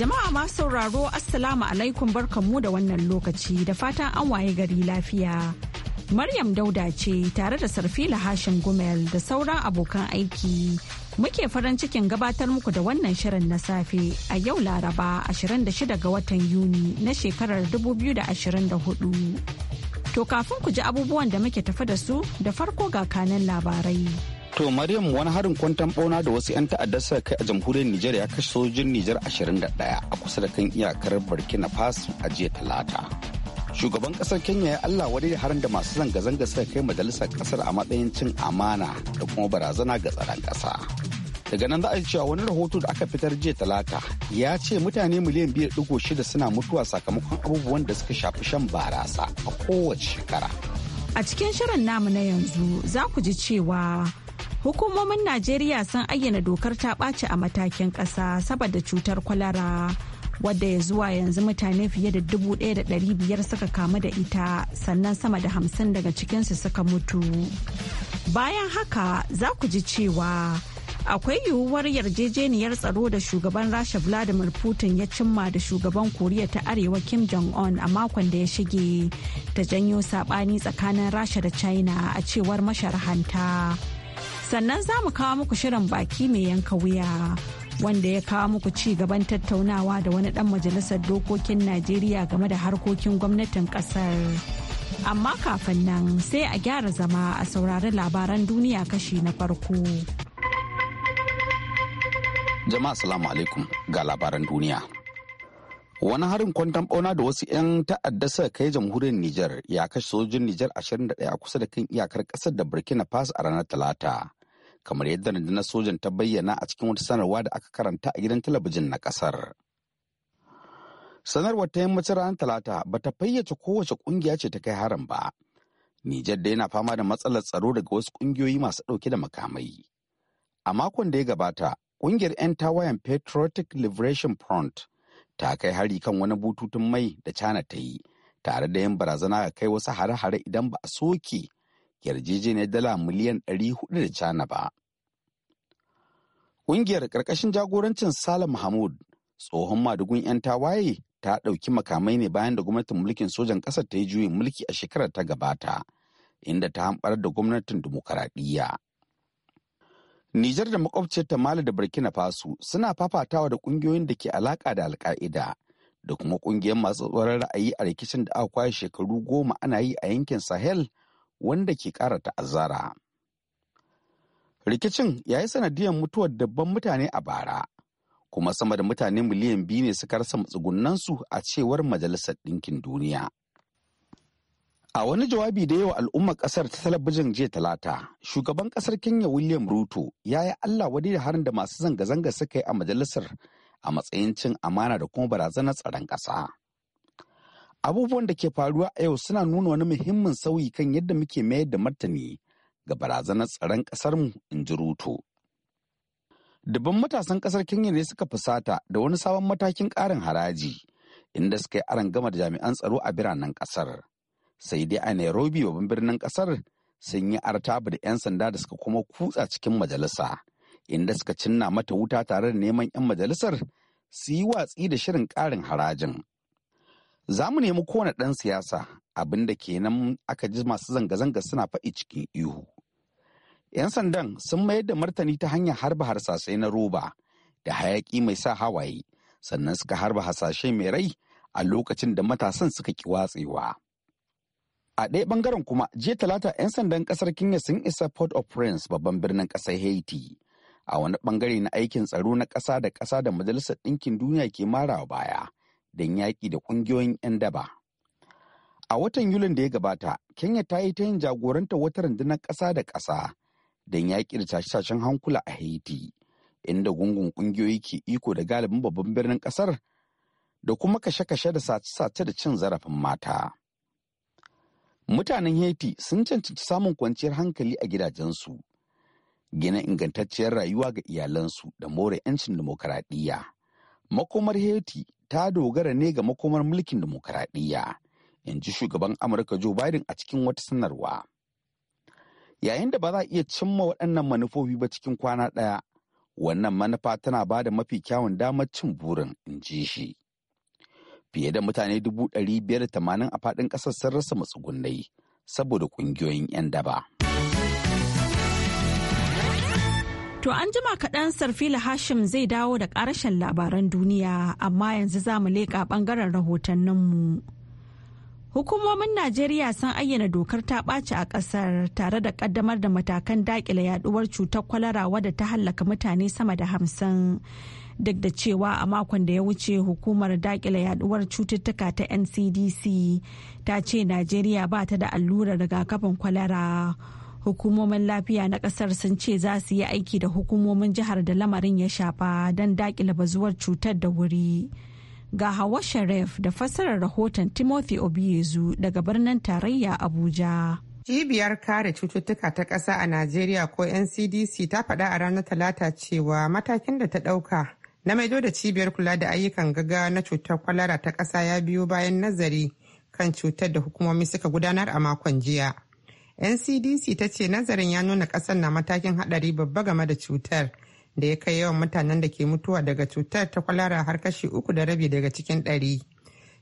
Jama'a ma sauraro Assalamu alaikum barkanmu da wannan lokaci da fatan an waye gari lafiya. Maryam Dauda ce tare da Sarfila Hashim Gumel da sauran abokan aiki. Muke farin cikin gabatar muku da wannan shirin na safe a yau Laraba 26 ga watan Yuni na shekarar 2024. To kafin ku ji abubuwan da muke tafi da su da farko ga kanan labarai. To Maryam wani harin kwantan bauna da wasu 'yan ta'adda suka kai a jamhuriyar Nijar ya kashe sojin Nijar 21 a kusa da kan iyakar Burkina Faso a jiya Talata. Shugaban kasar Kenya ya Allah wani da harin da masu zanga-zanga suka kai majalisar kasar a matsayin cin amana da kuma barazana ga tsaron kasa. Daga nan za a cewa wani rahoto da aka fitar jiya talata ya ce mutane miliyan biyar digo shida suna mutuwa sakamakon abubuwan da suka shafi shan barasa a kowace shekara. A cikin shirin namu na yanzu za ku ji cewa Hukumomin Najeriya sun ayyana dokar ta ɓaci a matakin ƙasa saboda cutar kwalara. wadda ya zuwa yanzu mutane fiye da dubu ɗaya da ɗari biyar suka kamu da ita sannan sama da hamsin daga cikinsu suka mutu bayan haka za ku ji cewa akwai yiwuwar yarjejeniyar tsaro da shugaban rasha vladimir putin ya cimma da shugaban koriya ta arewa kim jong-un a makon da ya shige ta janyo saɓani tsakanin rasha da china a cewar masharhanta. sannan za mu kawo muku shirin baki mai yanka wuya wanda ya kawo muku ci gaban tattaunawa da wani dan majalisar dokokin najeriya game da harkokin gwamnatin kasar amma kafin nan sai a gyara zama a saurari labaran duniya kashi na farko jama'a salamu alaikum ga labaran duniya wani harin kwantan bauna da wasu 'yan ta'adda suka kai jamhuriyar niger ya kashe sojojin niger 21 a kusa da kan iyakar kasar da burkina faso a ranar talata kamar yadda na sojan ta bayyana a cikin wata sanarwa da aka karanta a gidan talabijin na kasar. Sanarwar ta yammacin ranar Talata ba ta fayyace kowace kungiya ce ta kai harin ba. Nijar da yana fama da matsalar tsaro daga wasu kungiyoyi masu ɗauke da makamai. A makon da ya gabata, kungiyar 'yan tawayen Patriotic Liberation Front ta kai hari kan wani bututun mai da cana ta yi, tare da yin barazana ga kai wasu hare-hare idan ba a soke yarjejeniyar dala miliyan 400 da cana ba. Ƙungiyar ƙarƙashin jagorancin Salim Mahmud tsohon madugun 'yan tawaye ta ɗauki makamai ne bayan da gwamnatin mulkin sojan ƙasar ta yi juyin mulki a shekarar ta gabata inda ta hamɓar da gwamnatin dimokuraɗiyya. Nijar da makwabciyarta Mali da Burkina Faso suna fafatawa da ƙungiyoyin da ke alaƙa da alƙa'ida da kuma ƙungiyar masu tsoron ra'ayi a rikicin da aka kwashe shekaru goma ana yi a yankin Sahel wanda ke ƙara ta'azzara. Rikicin ya yi sanadiyar mutuwar dabban mutane a bara, kuma sama da mutane miliyan biyu ne suka rasa matsugunansu a cewar Majalisar Ɗinkin Duniya. A wani jawabi da yawa al'ummar ƙasar ta talabijin jiya talata, shugaban ƙasar Kenya William Ruto ya yi Allah wadi da harin da masu zanga-zanga suka yi a majalisar a matsayin cin amana da kuma barazanar tsaron ƙasa. abubuwan da ke faruwa a yau suna nuna wani muhimmin sauyi kan yadda muke mayar da martani ga barazanar tsaron ƙasarmu in ji ruto dubban matasan ƙasar kenya ne suka fusata da wani sabon matakin karin haraji inda suka yi aron gama da jami'an tsaro a biranen ƙasar sai dai a nairobi babban birnin ƙasar sun yi artaba da 'yan sanda da suka kuma kutsa cikin majalisa inda suka cinna mata wuta tare da neman 'yan majalisar su yi watsi da shirin ƙarin harajin za mu nemi kowane ɗan siyasa abin da kenan aka ji masu zanga-zanga suna faɗi cikin ihu 'yan sandan sun mayar da martani ta hanyar harba harsasai na roba da hayaƙi mai sa hawaye sannan suka harba hasashe mai rai a lokacin da matasan suka ki watsewa. A ɗaya ɓangaren kuma jiya talata 'yan sandan ƙasar Kenya sun isa Port of Prince babban birnin ƙasar Haiti. A wani ɓangare na aikin tsaro na ƙasa da ƙasa da Majalisar Ɗinkin Duniya ke marawa baya don yaƙi da ƙungiyoyin 'yan daba. A watan Yulin da ya gabata, Kenya ta yi ta yin jagoranta wata rundunar ƙasa da ƙasa don yaƙi da tashe-tashen hankula a Haiti, inda gungun ƙungiyoyi ke iko da galibin babban birnin ƙasar da kuma kashe-kashe da sace-sace da cin zarafin mata. Mutanen Haiti sun cancanci samun kwanciyar hankali a gidajensu, gina ingantacciyar rayuwa ga iyalansu da more 'yancin dimokuraɗiyya. Makomar Haiti ta dogara ne ga makomar mulkin dimokuraɗiyya in ji shugaban amurka joe biden a cikin wata sanarwa yayin da ba za a iya cimma waɗannan manufofi ba cikin kwana ɗaya wannan manufa tana ba da mafi kyawun damar cin burin in ji shi fiye da mutane dubu ɗari biyar da tamanin a faɗin ƙasar sun rasa matsugunai saboda ƙungiyoyin 'yan daba. To an jima kaɗan Sarfila Hashim zai dawo da ƙarashen labaran duniya amma yanzu za mu leƙa ɓangaren rahotanninmu. Hukumomin Najeriya sun ayyana dokar ta ɓaci a ƙasar tare da ƙaddamar da matakan daƙile yaɗuwar cutar kwalara wadda ta hallaka mutane sama da hamsin. Duk da cewa a makon da ya wuce hukumar daƙile Yaɗuwar cututtuka ta NCDC ta ce Najeriya ba ta da allurar rigakafin kwalara. hukumomin lafiya na kasar sun ce za su yi aiki da hukumomin jihar da lamarin ya shafa don dakile bazuwar cutar da wuri ga hawa sharif da fassarar rahoton timothy obiezu daga birnin tarayya abuja cibiyar kare cututtuka ta ƙasa a najeriya ko ncdc ta faɗa a ranar talata cewa matakin da ta ɗauka na maido da cibiyar kula da ayyukan gaga na cutar kwalara ta ƙasa ya biyo bayan nazari kan cutar da hukumomi suka gudanar a makon jiya ncdc ta ce nazarin ya nuna kasar na matakin hadari babba game da cutar da ya kai yawan mutanen da ke mutuwa daga cutar ta kwalara har kashi uku da rabi daga cikin ɗari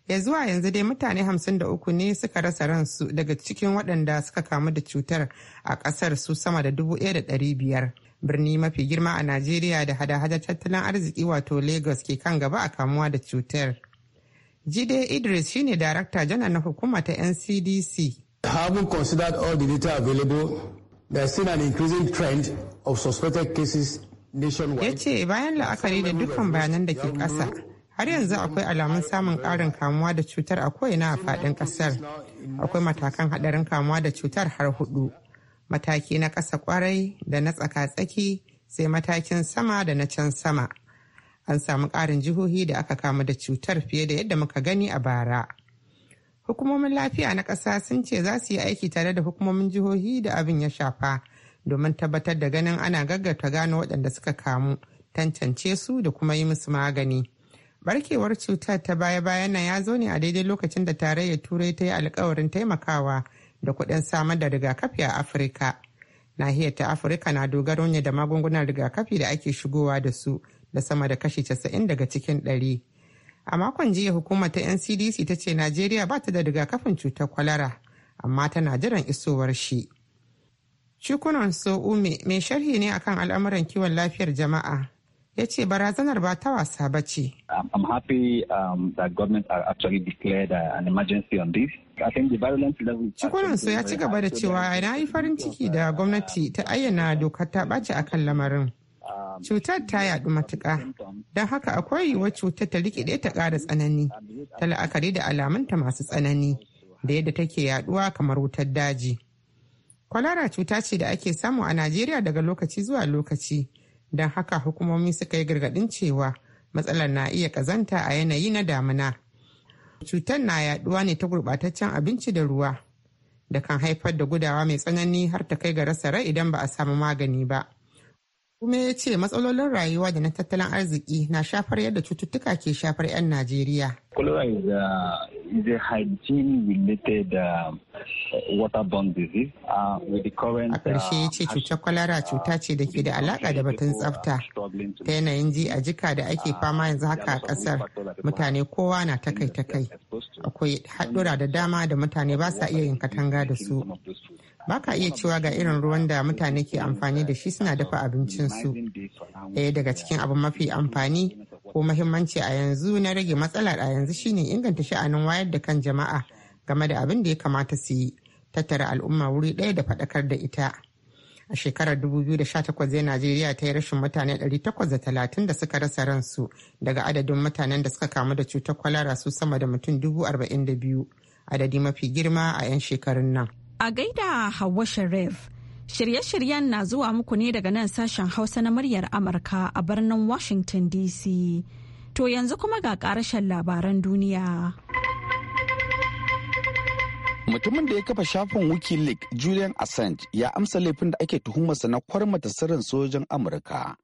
ya zuwa yanzu dai mutane hamsin da uku ne suka rasa ransu daga cikin waɗanda suka kamu da cutar a ƙasar su sama da dubu ɗaya da ɗari biyar birni mafi girma a najeriya da hada-hada tattalin arziki wato lagos ke kan gaba a kamuwa da cutar jide idris shine darakta janar na hukuma ta ncdc having considered all the data available, there's still an increasing trend of suspected cases nationwide. Ya ce bayan la'akari da dukkan bayanan da ke ƙasa, har yanzu akwai alamun samun ƙarin kamuwa da cutar a ko'ina a faɗin ƙasar. Akwai matakan haɗarin kamuwa da cutar har hudu. Mataki na ƙasa kwarai da na tsaka-tsaki sai matakin sama da na can sama. An samu ƙarin jihohi da aka kamu da cutar fiye da yadda muka gani a bara. hukumomin lafiya na ƙasa sun ce za su yi aiki tare da hukumomin jihohi da abin ya shafa domin tabbatar da ganin ana gaggata gano waɗanda suka kamu tantance su da kuma yi musu magani barkewar cutar ta baya-bayan nan ya zo ne a daidai lokacin da tarayyar turai ta yi alkawarin taimakawa da kuɗin samar da rigakafi a afirka nahiyar ta afirka na dogaro ne da magungunan rigakafi da ake shigowa da su da sama da kashi 90 daga cikin ɗari. a makon jiya hukumar ta ncdc ta ce najeriya ba ta da rigakafin cutar kwalara amma tana jiran isowar shi cikunan so ume mai sharhi ne akan al'amuran kiwon lafiyar jama'a ya ce barazanar ba ta wasa ba ce. I'm happy um, that government actually declared uh, an emergency on this. Cikunansu ya ci gaba da cewa na yi farin ciki da uh, gwamnati ta ayyana dokar ta ɓaci akan lamarin. Cutar ta yaɗu matuka, don haka akwai yiwuwar cutar ta rikide ta kara tsanani, ta la'akari da alamunta masu tsanani, da yadda take yaɗuwa kamar wutar daji. Kwalara cuta ce da ake samu a Najeriya daga lokaci zuwa lokaci, don haka hukumomi suka yi gargaɗin cewa matsalar na iya ƙazanta a yanayi na damina. Cutar na yaɗuwa ne ta gurbataccen abinci da ruwa, da kan haifar da gudawa mai tsanani har ta kai ga rasa rai idan ba a samu magani ba. kuma ya ce matsalolin rayuwa da na tattalin arziki na shafar yadda cututtuka ke shafar 'yan Najeriya. Cholera is a, is a hygiene-related uh, waterborne disease uh, A ƙarshe ya uh, ce cutar kwalara cuta ce da ke da alaƙa da batun tsafta. Ta yanayin ji a jika da ake fama yanzu haka a ƙasar mutane kowa na takai kai Akwai haɗura da dama da mutane ba sa iya yin katanga da su. ba ka iya cewa ga irin ruwan da mutane ke amfani da shi suna dafa abincinsu ɗaya daga cikin abu mafi amfani ko mahimmanci a yanzu na rage matsalar a yanzu shine inganta sha'anin wayar da kan jama'a game da abin da ya kamata su yi tattara al'umma wuri ɗaya da faɗakar da ita a shekarar 2018 zai najeriya ta yi rashin mutane 830 da suka rasa ransu daga adadin mutanen da suka kamu da cutar kwalara su sama da mutum 42 adadi mafi girma a 'yan shekarun nan A gaida Hauwa Sharif, shirye-shiryen na zuwa muku ne daga nan sashen Hausa na muryar Amurka a birnin Washington DC. To yanzu kuma ga ƙarashen labaran duniya. Mutumin da ya kafa shafin Wikileaks Julian Assange ya amsa laifin da ake tuhumarsa na kwarmata sirrin sojojin Amurka.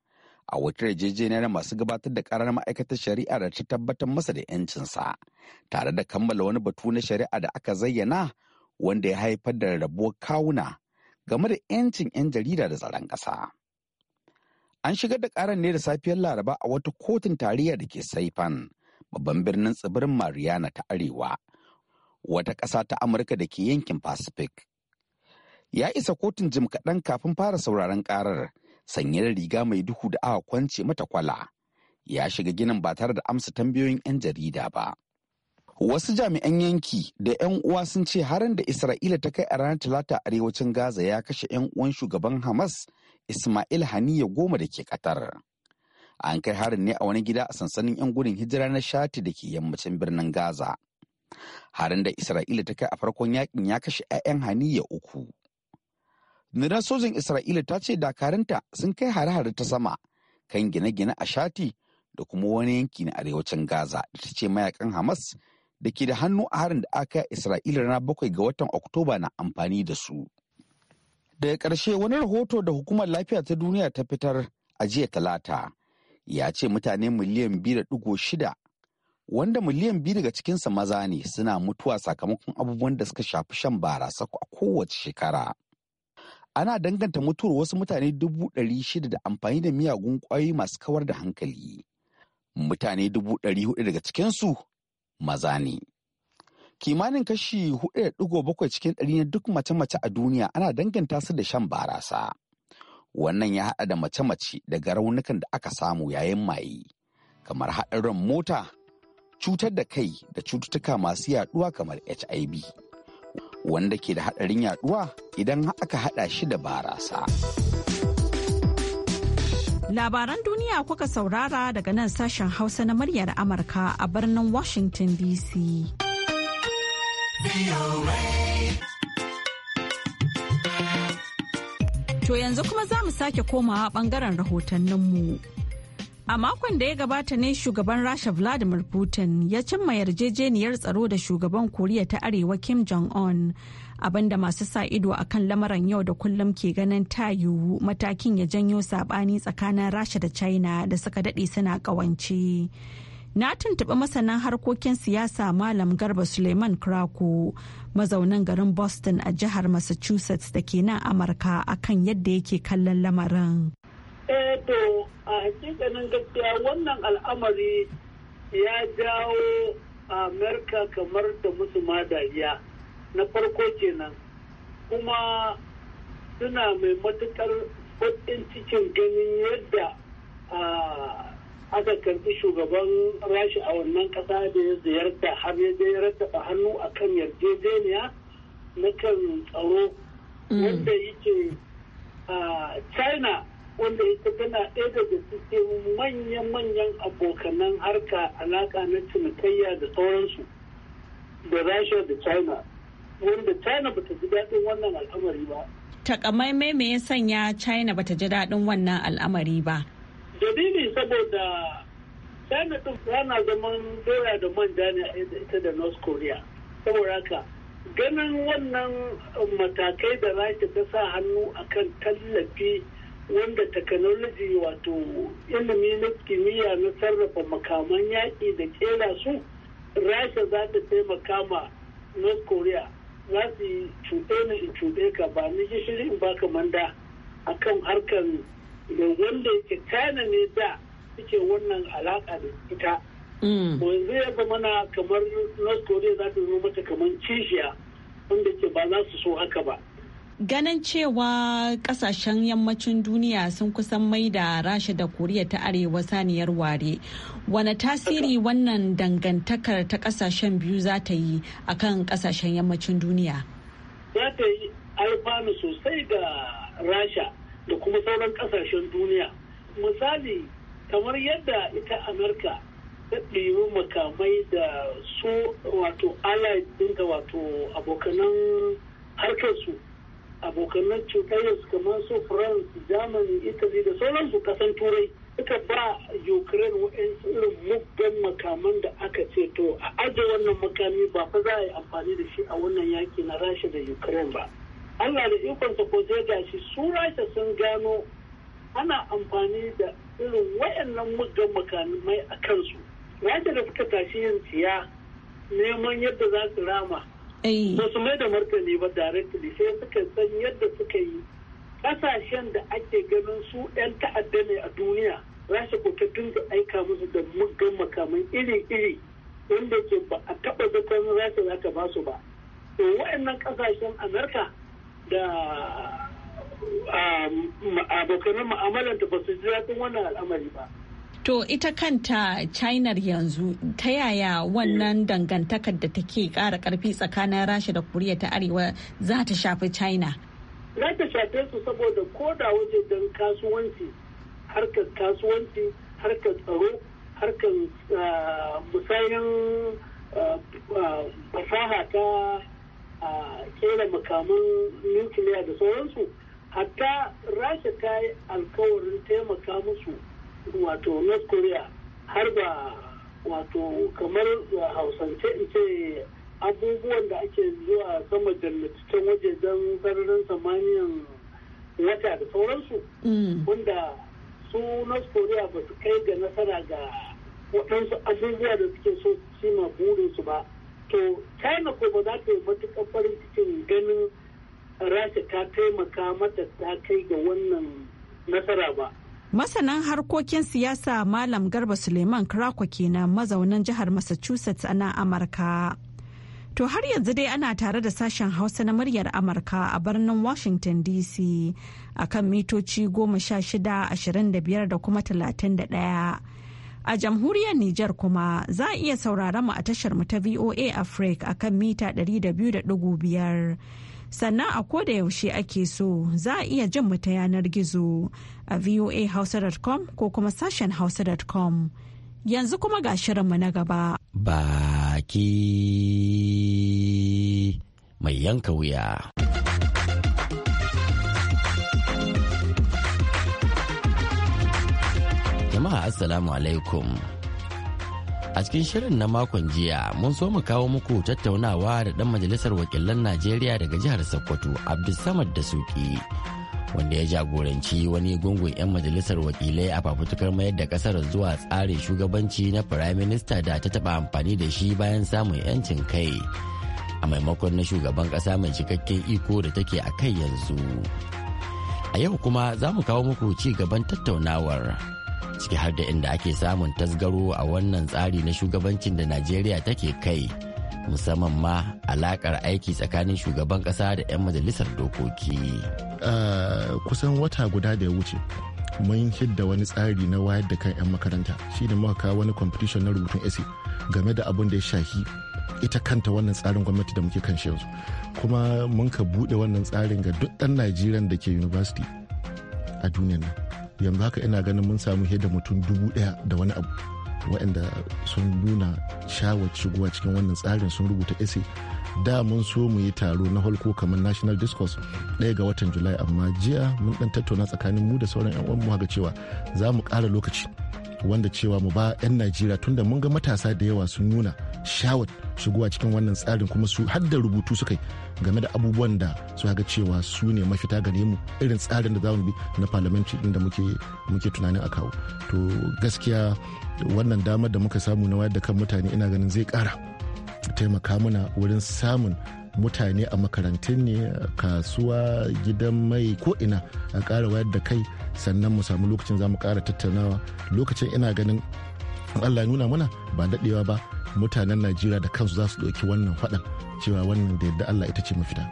A wata yarjejeniyar masu gabatar da karar ma'aikatar shari'a da ta tabbatar masa da 'yancinsa, tare da kammala wani batu na shari'a da aka zayyana wanda ya haifar da rabuwar kawuna game da 'yancin 'yan jarida da tsaron ƙasa. An shigar da ƙarar ne da safiyar Laraba a wata kotun tarayya da ke Saifan, babban birnin tsibirin Mariana ta Arewa, wata ƙasa ta Amurka da ke yankin Pacific. Ya isa kotun jim kaɗan kafin fara sauraron ƙarar, sanye da riga mai duhu da aka kwance mata kwala. Ya shiga ginin ba tare da amsa tambayoyin 'yan jarida ba. Wasu jami'an yanki da 'yan uwa sun ce harin da Isra'ila ta kai a ranar Talata arewacin Gaza ya kashe 'yan uwan shugaban Hamas Ismail Haniya goma da ke katar An kai harin ne a wani gida a sansanin 'yan gudun hijira na Shati da ke yammacin birnin Gaza. Harin da Isra'ila ta kai a farkon yakin ya kashe 'ya'yan Haniya uku. Nuna sojin Isra'ila ta ce dakarunta sun kai hare-hare ta sama kan gine-gine a Shati da kuma wani yanki na arewacin Gaza da ta ce mayakan Hamas da ke da hannu a harin da aka Isra'ila rana bakwai ga watan Oktoba na amfani da su. Daga ƙarshe wani rahoto da hukumar lafiya ta duniya ta fitar a jiya talata ya ce mutane miliyan biyu da shida wanda miliyan biyu daga cikinsa maza ne suna mutuwa sakamakon abubuwan da suka shafi shan barasa a kowace shekara. Ana danganta mutuwar wasu mutane dubu ɗari shida da amfani da miyagun ƙwayoyi masu kawar da hankali. Mutane dubu ɗari hudu daga cikinsu maza ne. Kimanin kashi 4.7 cikin ɗari na duk mace-mace a duniya ana danganta su da shan barasa. Wannan ya haɗa da mace-mace daga raunukan da aka samu yayin maye, kamar haɗarin mota, cutar da kai da cututtuka masu yaɗuwa kamar HIV. Wanda ke da haɗarin yaɗuwa idan aka haɗa shi da barasa. Labaran duniya kuka saurara daga nan sashen Hausa na muryar Amurka a birnin Washington DC. To yanzu kuma za mu sake komawa bangaren mu. A makon da ya gabata ne shugaban Rasha Vladimir Putin ya cimma yarjejeniyar tsaro da shugaban Koriya ta Arewa Kim Jong-un. Abinda masu sa ido a kan lamarin yau da kullum ke ganin ta yiwu matakin ya janyo sabani tsakanin Rasha da China da suka daɗe suna ƙawance. Na tuntuɓi masanan harkokin siyasa Malam Garba Suleiman Krako, mazaunin garin Boston a jihar Massachusetts da ke nan Amurka akan yadda yake kallon lamarin. eh to a hakikanin gaskiya wannan al'amari ya jawo amerika kamar da musu dariya na farko kenan kuma suna mai matukar baƙin cikin ganin yadda aka karɓi shugaban rashi a wannan ƙasa da ya ziyarta har ya je ya rattaba hannu a kan yarjejeniya na kan tsaro mm. wanda yake a china wanda ita tana ɗaya daga cikin manyan-manyan abokanan harka alaƙa na cinikayya da sauransu da rasha da china wanda china ba ta ji daɗin wannan al'amari ba takamaimai me ya sanya china ba ta ji daɗin wannan al'amari ba dalili saboda china ɗin yana zaman doya da manja ne ita da north korea saboda haka ganin wannan matakai da rasha ta sa hannu akan tallafi wanda technology wato ilimi na kimiyya na sarrafa makaman yaƙi da kera su rasha za ta taimaka ma north korea za su yi cuɗe na in cuɗe ka ba ni gishiri in baka manda akan harkar da wanda yake china ne da suke wannan alaƙa da ita mm. yanzu ya zama na kamar north korea za ta zama mata kamar kishiya wanda ke ba za su so haka ba ganin cewa kasashen yammacin duniya sun kusan mai da rasha da koriya ta arewa saniyar ware wane tasiri wannan dangantakar ta kasashen biyu za ta yi a kan kasashen yammacin duniya za ta yi alfanu sosai ga rasha da kuma sauran kasashen duniya misali kamar yadda ita amurka ta ɗiyi makamai da su wato allies ɗinka wato abokanan harkarsu abokanan su kamar su france germany italy da sauransu kasan turai suka ba ukraine wa'yansu irin muggan makaman da aka ce to a aje wannan makami ba fa za a yi amfani da shi a wannan yaki na rasha da ukraine ba allah da ikonsa ko zai gashi su rasha sun gano ana amfani da irin wayannan muggan makamai a kansu rasha da suka tashi yin siya neman yadda za su rama ba eh. su mai da martani ba directly sai suka san yadda suka yi kasashen da ake ganin su 'yan ta'adda ne a duniya rasha ko ta dinga aika musu da muggan makamai iri-iri wanda ke ba a taɓa zaton rasha za ba basu ba to wa'annan kasashen amurka da ah, abokanin mu'amalanta ba su ji daɗin wannan al'amari ba To ita kanta China yanzu ta yaya wannan dangantakar da take kara karfi tsakanin Rasha da Koriya ta Arewa za ta shafi China? Za ta shafe su saboda ko da waje don kasuwanci, harkar kasuwanci, harkar tsaro, harkar ah, musayan ah, fasaha ta ah, kera makaman nukiliya da sauransu. Hatta Rasha ta yi alkawarin taimaka musu. wato north korea har ba wato kamar hausance in ce abubuwan da ake zuwa sama waje don sararin samaniyan wata da sauransu mm. wanda su north korea ba su kai ga nasara ga waɗansu abubuwa da suke so cima burinsu ba to china ko ba za ta yi matuƙar farin cikin ganin rasha ta taimaka mata ta kai ga wannan nasara ba Masanan harkokin siyasa Malam Garba Suleiman Krako kenan mazaunan jihar Massachusetts na Amurka. To har yanzu dai ana tare da sashen Hausa na muryar Amurka a birnin Washington DC a kan mitoci goma sha shida ashirin da biyar da kuma talatin da ɗaya. A jamhuriyar Nijar kuma za a iya sauraron mu a tashar mu ta VOA Africa a kan mita ɗari da da biyar. sannan a da yaushe ake so za a iya jin mu ta yanar gizo a voahausa.com ko kuma sashen hausa.com yanzu kuma ga shirinmu na gaba baki mai yanka wuya jama'a assalamu alaikum A cikin shirin na makon jiya mun so mu kawo muku tattaunawa da ɗan majalisar wakilan Najeriya daga jihar Sokoto Abdulsamad da Suki wanda ya jagoranci wani gungun 'yan majalisar wakilai a fafutukar mayar da kasar zuwa tsarin shugabanci na firayim minista da ta taɓa amfani da shi bayan samun 'yancin kai a maimakon na shugaban ƙasa mai cikakken iko da take a kai yanzu. A yau kuma za mu kawo muku ci gaban tattaunawar. ciki har da inda ake samun tasgaro a wannan tsari na shugabancin da najeriya take kai musamman ma alakar aiki tsakanin shugaban kasa da 'yan majalisar dokoki. kusan wata guda da ya wuce mun hidda wani tsari na wayar da kan 'yan makaranta shi da muka kawo wani competition na rubutun ese game da abin da ya shahi ita kanta wannan tsarin gwamnati da muke kan shi yanzu kuma mun ka buɗe wannan tsarin ga duk ɗan najeriya da ke university a duniya nan to yanzu haka ina ganin mun samu da mutum dubu daya da wani abu waɗanda sun nuna shawar shigowa cikin wannan tsarin sun rubuta ese da mun so mu yi taro na holko kamar national discourse ɗaya ga watan july amma jiya mun ɗan tattauna tsakanin mu da sauran 'yan uwanmu ga cewa za mu ƙara lokaci wanda cewa mu ba 'yan najeriya tunda mun ga matasa da yawa sun nuna shawar shigowa cikin wannan tsarin kuma su hadda rubutu suka yi game da abubuwan da su ga cewa su ne mafita gare mu irin tsarin da za mu bi na parliamentary din da muke tunanin a kawo to gaskiya wannan damar da muka samu na wayar da kan mutane ina ganin zai kara taimaka mana wurin samun mutane a makarantun ne kasuwa gidan mai ko ina a kara wayar da kai sannan mu samu lokacin za mu ƙara tattaunawa lokacin ina ganin allah nuna mana ba daɗewa ba mutanen najeriya da kansu za su ɗauki wannan faɗan cewa wannan da yadda allah ita ce mafita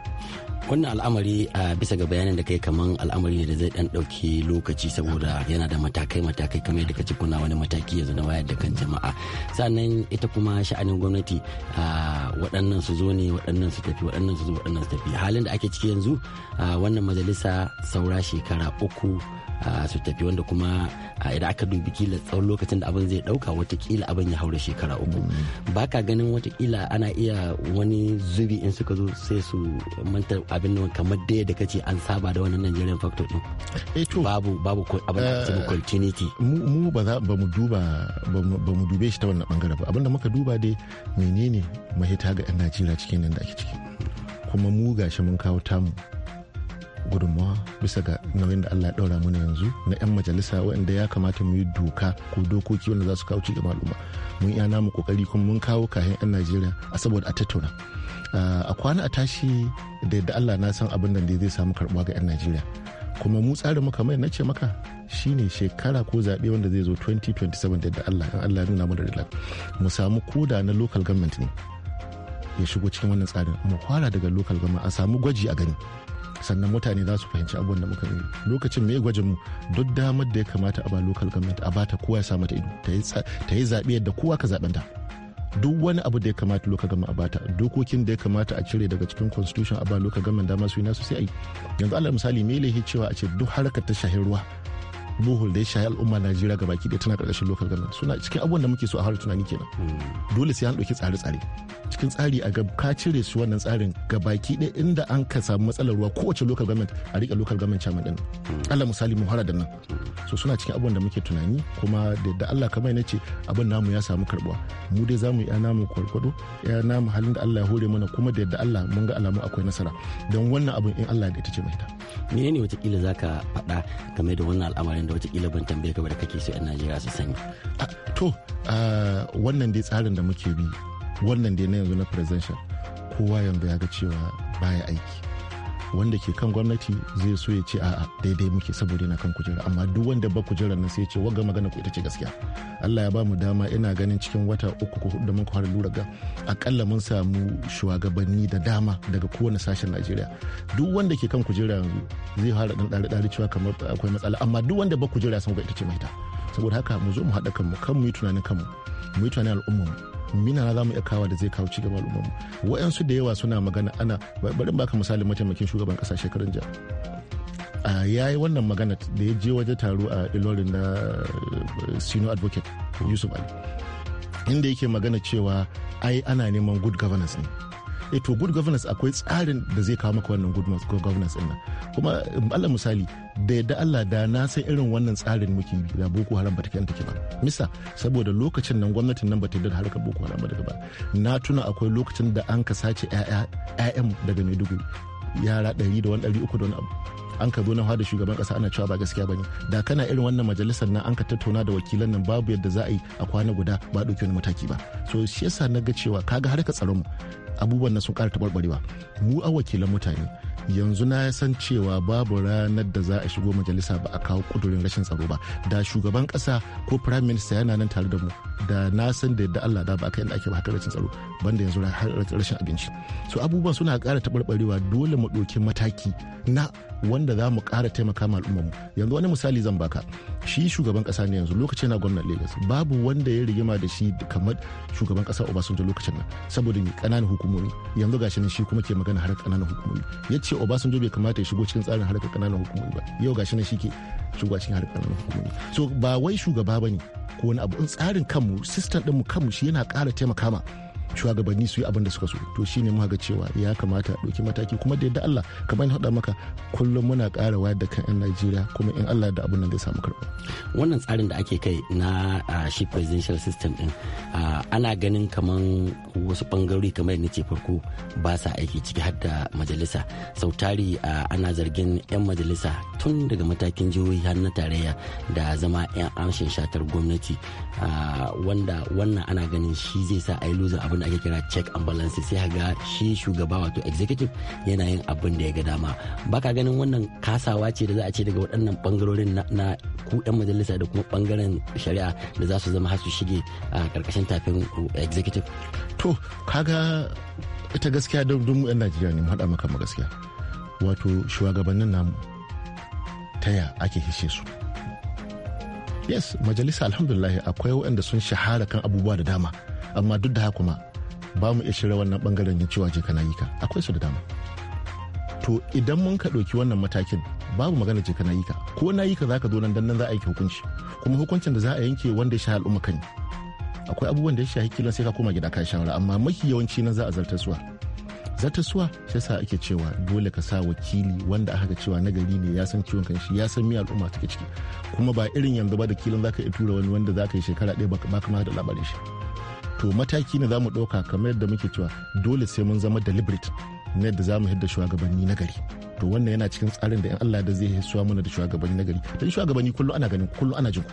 wannan al'amari a bisa ga bayanin da kai kaman al'amari ne da zai dan dauki lokaci saboda yana da matakai matakai kamar yadda kace kuna wani mataki yanzu na wayar da kan jama'a sannan ita kuma sha'anin gwamnati waɗannan su zo ne waɗannan su tafi waɗannan su zo waɗannan su tafi halin da ake ciki yanzu wannan majalisa saura shekara uku su tafi wanda kuma a idan aka dubi kila tsawon lokacin da abin zai dauka watakila abin ya haura shekara uku mm. baka ganin watakila ana iya wani zubi in suka zo sai su manta abin nan kamar da da kace an saba da wannan Nigerian factor din eh, babu babu ko abin da eh, continuity mu ba za ba mu duba ba mu dube shi ta wannan bangare ba abinda muka duba dai menene mahita ga yan Najeriya cikin nan da ake ciki kuma mu gashi mun kawo tamu gudunmawa bisa ga nauyin da Allah ya ɗaura mana yanzu na 'yan majalisa waɗanda ya kamata mu yi doka ko dokoki wanda za su kawo cikin al'umma mun iya namu kokari kuma mun kawo kayan 'yan Najeriya a saboda a tattauna ah, a kwana a tashi da yadda Allah na san abin da zai samu karɓuwa ga 'yan Najeriya kuma mu tsarin muka mai nace maka shine shekara ko zaɓe wanda zai zo 2027 da Allah in Allah nuna mu da rila mu samu koda na local government ne ya shigo cikin wannan tsarin mu fara daga local government a samu gwaji a gani sannan mutane za su fahimci abubuwan da muka gani lokacin mai gwajin mu duk damar da ya kamata a ba local government a bata kowa ya sa mata ido ta yi zaɓe yadda kowa ka zaɓen ta duk wani abu da ya kamata local government a bata dokokin da ya kamata a cire daga cikin constitution a ba local government dama su yi nasu sai a yi yanzu alal misali mai cewa a ce duk harkar ta shahin ruwa muhul da ya shayi al'umma najeriya ga baki da tana karkashin local government suna cikin abubuwan da muke so a harin tunani kenan hmm. dole sai an ɗauki tsare-tsare cikin tsari a gab ka cire su wannan tsarin ga baki ɗaya inda an ka samu matsalar ruwa kowace local government a riƙe local government chairman ɗin hmm. allah misali mu hara da nan hmm. so suna cikin abubuwan da muke tunani kuma da da allah kamar na ce abin namu ya samu karbuwa mu dai zamu iya namu kwarkwado ya namu halin da allah ya hore mana kuma da yadda allah mun ga alamu akwai nasara don wannan abin in allah da ita ce mai ta. ne ne watakila za ka faɗa game da wannan al'amarin da watakila ban tambaye ka ba da kake so 'yan najeriya su sani ah, to ah, wannan dai tsarin da muke bi wannan dai na yanzu na presidential kowa yanzu ya ga cewa baya aiki wanda ke kan gwamnati zai so ya ce a'a daidai muke saboda yana kan kujera amma duk wanda ba kujerar nan sai ya ce wanga magana ku ita ce gaskiya Allah ya ba mu dama ina ganin cikin wata uku ko hudu da muka fara lura ga akalla mun samu shugabanni da dama daga kowane sashen Najeriya duk wanda ke kan kujera yanzu zai fara dan dare dare cewa kamar akwai matsala amma duk wanda ba kujera sun ga ita ce mai ta saboda haka mu zo mu haɗa kanmu kan mu yi tunanin kanmu mu yi tunanin al'ummar mina za mu iya kawa da zai kawo cigaban al'umma wa'yansu da yawa suna magana ana bari baka misali mataimakin shugaban kasa shekarun jiya ya yi wannan magana da ya je waje taro a ilorin na eh, sino advocate yusuf ali inda yake magana cewa ai ana neman good governance ne eh to good governance akwai tsarin da zai kawo maka wannan good governance ɗin nan kuma um, Allah misali da yadda Allah da na san irin wannan tsarin muke bi da Boko Haram ba ta kanta ba misa saboda lokacin nan gwamnatin nan ta yarda da harkar Boko Haram ba daga ba na tuna akwai lokacin da an ka sace ƴaƴan daga Maiduguri yara ɗari da wani uku da wani abu an ka zo na hada shugaban kasa ana cewa ba gaskiya bane da kana irin wannan majalisar nan an ka tattauna da wakilan nan babu yadda za a yi a kwana guda ba dauke wani mataki ba so shi yasa na ga cewa kaga ka tsaron mu abubuwan na sun ƙara taɓarɓarewa mu a wakilan mutane yanzu na san cewa babu ranar da za a shigo majalisa ba a kawo kudurin rashin tsaro ba da shugaban kasa ko prime minister yana nan tare da mu da na san da yadda Allah da ba kai da ake ba rashin tsaro banda yanzu rashin abinci so abubuwan suna kara taɓarɓarewa dole mu ɗauki mataki na wanda za mu kara taimaka ma al'ummarmu yanzu wani misali zan baka shi shugaban kasa ne yanzu lokacin na gwamnan Lagos babu wanda ya rigima da shi kamar shugaban kasa Obasanjo lokacin nan saboda ƙananan hukumomi yanzu gashi nan shi kuma ke magana har ƙananan hukumomi ce Obasanjo bai kamata ya shigo cikin tsarin harkar kananan hukumomi ba yau gashi na shike shigo cikin harkar kananan hukumomi so ba wai shugaba bane ko wani abu in tsarin kanmu system din mu kanmu shi yana ƙara taimaka ma shugabanni su yi abin da suka so to shine mu ga cewa ya kamata ɗauki mataki kuma da yadda Allah kamar haɗa maka kullum muna ƙara wayar da kan Najeriya kuma in Allah da abin nan zai samu karɓa. Wannan tsarin da ake kai na shi presidential system din ana ganin kamar wasu bangarori kamar yadda ce farko ba sa aiki ciki har da majalisa sautari ana zargin 'yan majalisa tun daga matakin jihohi har na tarayya da zama 'yan amshin shatar gwamnati wanda wannan ana ganin shi zai sa a yi abin da ake kira check and balance sai ga shi shugaba wato executive yana yin abin da ya ga dama baka ganin wannan kasawa ce da za a ce daga waɗannan bangarorin na ku ɗan majalisa da kuma bangaren shari'a da za su zama har su shige a karkashin tafin executive to kaga ita gaskiya da mu yan Najeriya ne mu haɗa maka gaskiya wato shugabannin namu taya ake hishe su yes majalisa alhamdulillah akwai waɗanda sun shahara kan abubuwa da dama amma duk da haka kuma ba mu iya shirya wannan bangaren yin cewa je akwai su da dama to idan mun ka ɗauki wannan matakin babu magana je kana yi ka ko na yi ka zo nan dan nan za a yi hukunci kuma hukuncin da za a yanke wanda ya sha al'umma kan akwai abubuwan da ya shahi kilan sai ka koma gida ka shawara amma mafi yawanci nan za a zartaswa suwa shi yasa ake cewa dole ka sa wakili wanda aka ga cewa nagari ne ya san ciwon kanshi ya san miya al'umma take ciki kuma ba irin yanzu ba da kilan ka iya tura wani wanda za ka yi shekara ɗaya ba ka da labarin shi to mataki ne za mu ɗauka kamar yadda muke cewa dole sai mun zama deliberate na yadda za mu hidda shugabanni na gari to wannan yana cikin tsarin da in Allah da zai hisuwa mana da shugabanni na gari dan shugabanni kullum ana ganin kullum ana jin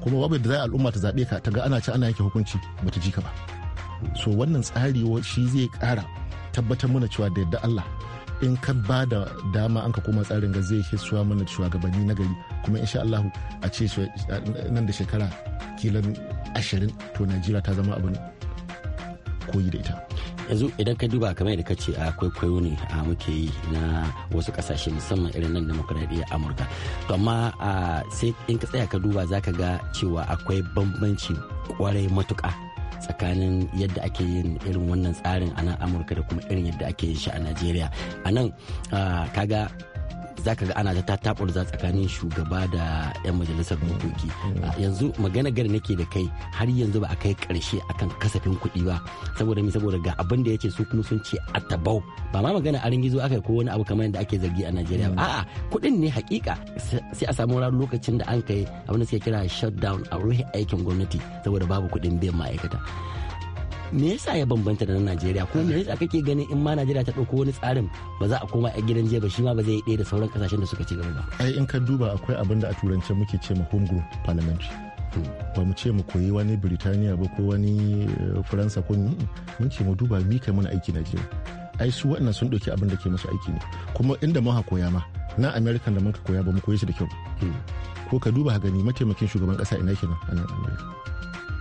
kuma babu yadda za al'umma ta zaɓe ka ta ga ana ci ana yanke hukunci bata ji ka ba so wannan tsari shi zai ƙara tabbatar mana cewa da yadda Allah in ka ba da dama an ka koma tsarin ga zai hisuwa mana da shugabanni na gari kuma insha Allah a ce nan da shekara kilan ashirin to najeriya ta zama abin koyi da ita yanzu idan ka duba kamar yadda ka ce a kwaikwayo ne a muke yi na wasu kasashe musamman irin nan a amurka to amma sai in ka tsaya ka duba za ka ga cewa akwai bambanci kwarai matuka tsakanin yadda ake yin irin wannan tsarin a nan amurka da kuma irin yadda ake yin shi a najeriya a nan ga. za ka ga ana ta za tsakanin shugaba da 'yan majalisar dokoki mm. yanzu magana gari nake da kai har yanzu ba a kai ƙarshe kan kasafin kuɗi ba saboda mi saboda ga abin da yake su kuma sun ce a tabau ba ma magana a ringizo aka ko wani abu kamar yadda ake zargi a Najeriya ba mm. a'a kuɗin ne hakika sai a samu wani lokacin da an kai abin da suke kira shutdown a ruhi aikin gwamnati saboda babu kuɗin biyan ma'aikata me yasa ya bambanta da na Najeriya kuma me yasa kake ganin in ma Najeriya ta dauko wani tsarin ba za a koma a gidan jiya ba shi ma ba zai ɗaya da sauran kasashen da suka ci gaba ba ai in ka duba akwai abin da a turance muke ce ma home group parliamentary hmm. ba mu ce mu koyi wani Birtaniya ba ko wani eh, Faransa ko ni mun ce mu duba mi kai mana aiki Najeriya ai su waɗannan sun ɗauki abin da ke musu aiki ne kuma inda mun koya ma na American da mun ka koya ba mu koyi shi da kyau hmm. ko ka duba gani mataimakin shugaban ƙasa ina kenan a nan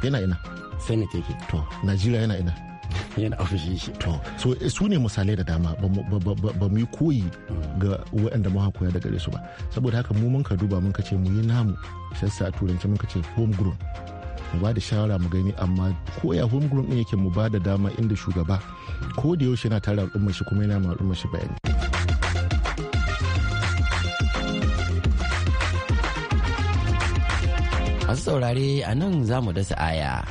yana ina senate yake to najeriya yana ina yana ofishin shi to so eh, su ne misalai da dama ba mu yi koyi mm. ga waɗanda mu koya da gare su ba saboda haka mu mun ka duba mun ka ce mu yi namu sassa a turanci mun ka ce homegrown mu ba da shawara mu gani amma ko ya homegrown din yake mu ba da dama inda shugaba ko da yaushe yana tare al'ummar shi kuma yana ma al'ummar shi bayani masu saurare a nan za mu dasa aya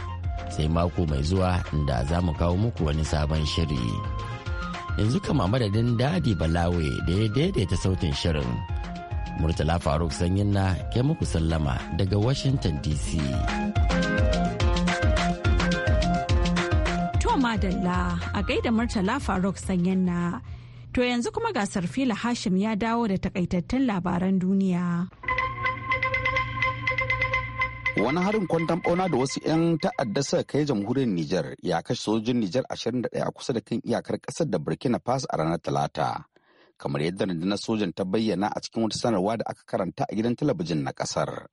sai mako mai zuwa da za mu kawo muku wani sabon shiri yanzu kama madadin dadi balawe da ya daidaita sautin shirin murtala faruk sanyin na ke muku sallama daga washington dc to madalla a gaida murtala faruk sanyin na To yanzu kuma gasar fila Hashim ya dawo da takaitattun labaran duniya. wani harin kwantan bauna da wasu 'yan ta'adda suka kai jamhuriyar Nijar ya kashe sojojin Nijar 21 a kusa da kan iyakar kasar da Burkina Faso a ranar Talata. Kamar yadda rundunar sojan ta bayyana a cikin wata sanarwa da aka karanta a gidan talabijin na kasar.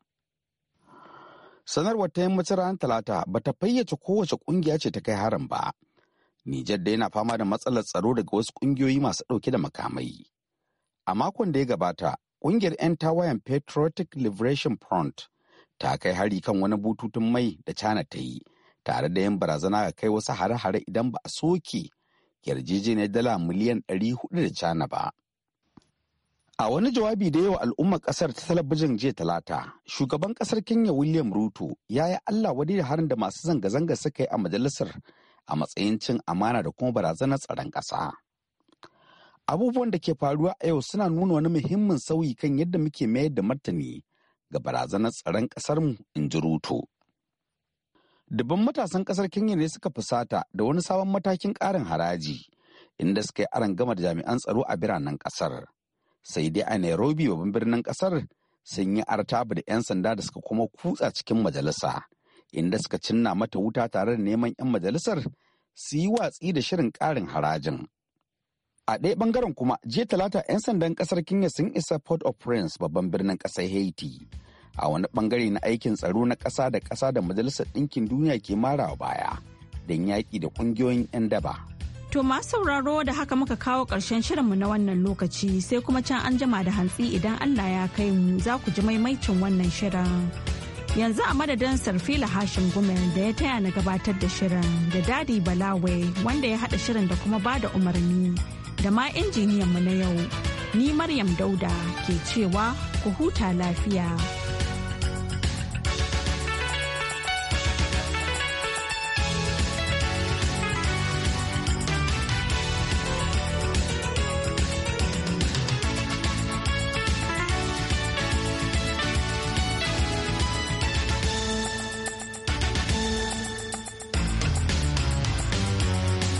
Sanarwar ta yammacin ranar Talata ba ta fayyace kowace kungiya ce ta kai harin ba. Nijar da yana fama da matsalar tsaro daga wasu kungiyoyi masu ɗauke da makamai. A makon da ya gabata, kungiyar 'yan tawayen Patriotic Liberation Front ta kai hari kan wani bututun mai da cana ta yi tare da yin barazana ga kai wasu hare-hare idan ba a soke yarjejeniyar dala miliyan 400 da cana ba. A wani jawabi da yawa al'ummar kasar ta talabijin jiya talata, shugaban kasar Kenya William Ruto ya yi Allah wadai da harin da masu zanga-zanga suka yi a majalisar a matsayin cin amana da kuma barazanar tsaron ƙasa. Abubuwan da ke faruwa a yau suna nuna wani muhimmin sauyi kan yadda muke mayar da martani ga barazanar tsaron ƙasarmu in ji ruto dubban matasan ƙasar kenya ne suka fusata da wani sabon matakin ƙarin haraji inda suka yi aron gama da jami'an tsaro a biranen ƙasar sai dai a nairobi babban birnin ƙasar sun yi artaba da 'yan sanda da suka kuma kutsa cikin majalisa inda suka cinna mata wuta tare da neman 'yan majalisar su yi watsi da shirin ƙarin harajin a ɗaya bangaren kuma jiya talata 'yan sandan kasar kenya sun isa port of prince babban birnin ƙasar haiti a wani bangare na aikin tsaro na kasa da ƙasa da majalisar ɗinkin duniya ke mara baya don yaƙi da ƙungiyoyin 'yan daba To masu sauraro da haka muka kawo ƙarshen mu na wannan lokaci sai kuma can an jima da hantsi idan Allah ya kai mu za ku ji maimaicin wannan shirin. Yanzu a madadin Sarfila Hashim Gumel da ya taya na gabatar da shirin da Dadi bala'wai wanda ya haɗa shirin da kuma bada umarni. da ma injiniyanmu na yau. Ni Maryam Dauda ke cewa ku huta lafiya.